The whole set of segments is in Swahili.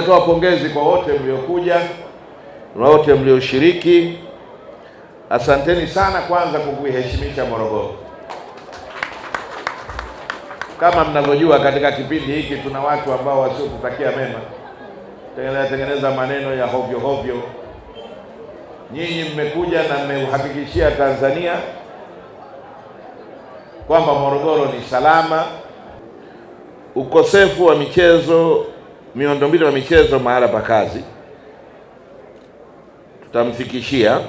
natoa pongezi kwa wote mliokuja na wote mlioshiriki. Asanteni sana kwanza kwa kuiheshimisha Morogoro. Kama mnavyojua, katika kipindi hiki tuna watu ambao wasiokutakia mema, tengeneza tengeneza maneno ya hovyo hovyo. Nyinyi mmekuja na mmeuhakikishia Tanzania kwamba Morogoro ni salama. Ukosefu wa michezo miundombinu ya michezo mahala pa kazi, tutamfikishia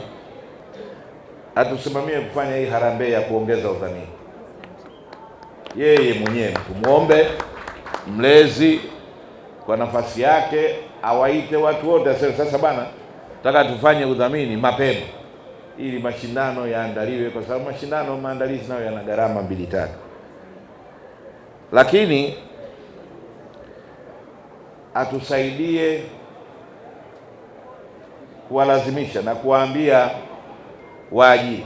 atusimamie kufanya hii harambee ya kuongeza udhamini. Yeye mwenyewe tumwombe mlezi kwa nafasi yake awaite watu wote, aseme sasa bana, taka tufanye udhamini mapema ili mashindano yaandaliwe, kwa sababu mashindano maandalizi nayo yana gharama mbili tatu, lakini atusaidie kuwalazimisha na kuwaambia waji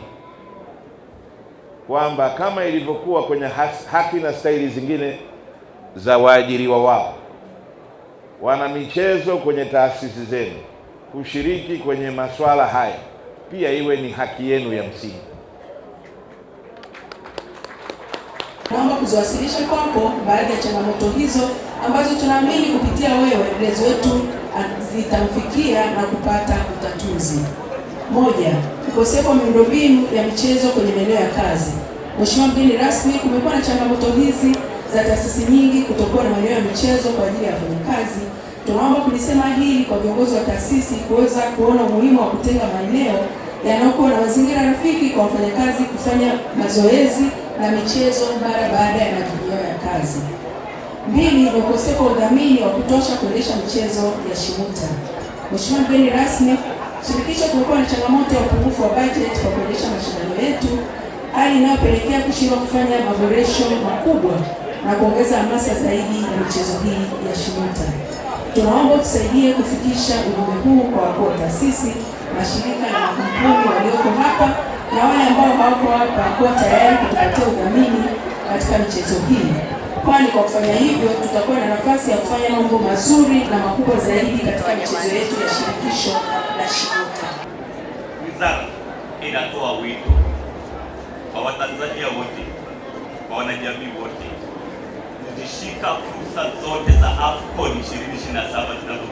kwamba kama ilivyokuwa kwenye haki na stahili zingine za waajiriwa wao, wana michezo kwenye taasisi zenu, kushiriki kwenye masuala haya pia iwe ni haki yenu ya msingi. Naomba kuziwasilisha kwako baadhi ya changamoto hizo ambazo tunaamini kupitia wewe mlezi wetu zitamfikia na kupata utatuzi. Moja, ukosefu wa miundombinu ya michezo kwenye maeneo ya kazi. Mheshimiwa mgeni rasmi, kumekuwa na changamoto hizi za taasisi nyingi kutokuwa na maeneo ya michezo kwa ajili ya wafanyakazi. Tunaomba kulisema hili kwa viongozi wa taasisi kuweza kuona umuhimu wa kutenga maeneo yanayokuwa na mazingira rafiki kwa wafanyakazi kufanya mazoezi na michezo mara baada ya majukumu ya kazi. Mbili, ukosefu wa udhamini wa kutosha kuendesha michezo ya SHIMUTA. Mheshimiwa mgeni rasmi, shirikisho kulikuwa na changamoto ya upungufu wa bajeti kwa kuendesha mashindano yetu, hali inayopelekea kushindwa kufanya maboresho makubwa na kuongeza hamasa zaidi ya michezo hii ya SHIMUTA. Tunaomba tusaidie kufikisha ujumbe huu kwa wakuu wa taasisi, mashirika na makampuni walioko hapa na wale ambao hawako hapa kuwa tayari kutupatia udhamini katika michezo hii, kwani kwa kufanya hivyo tutakuwa na nafasi ya kufanya mambo mazuri na makubwa zaidi katika michezo yetu ya shirikisho la SHIGOTA. Wizara inatoa wito kwa Watanzania wote, kwa wanajamii wote kuzishika fursa zote za AFCON 2027 zinazo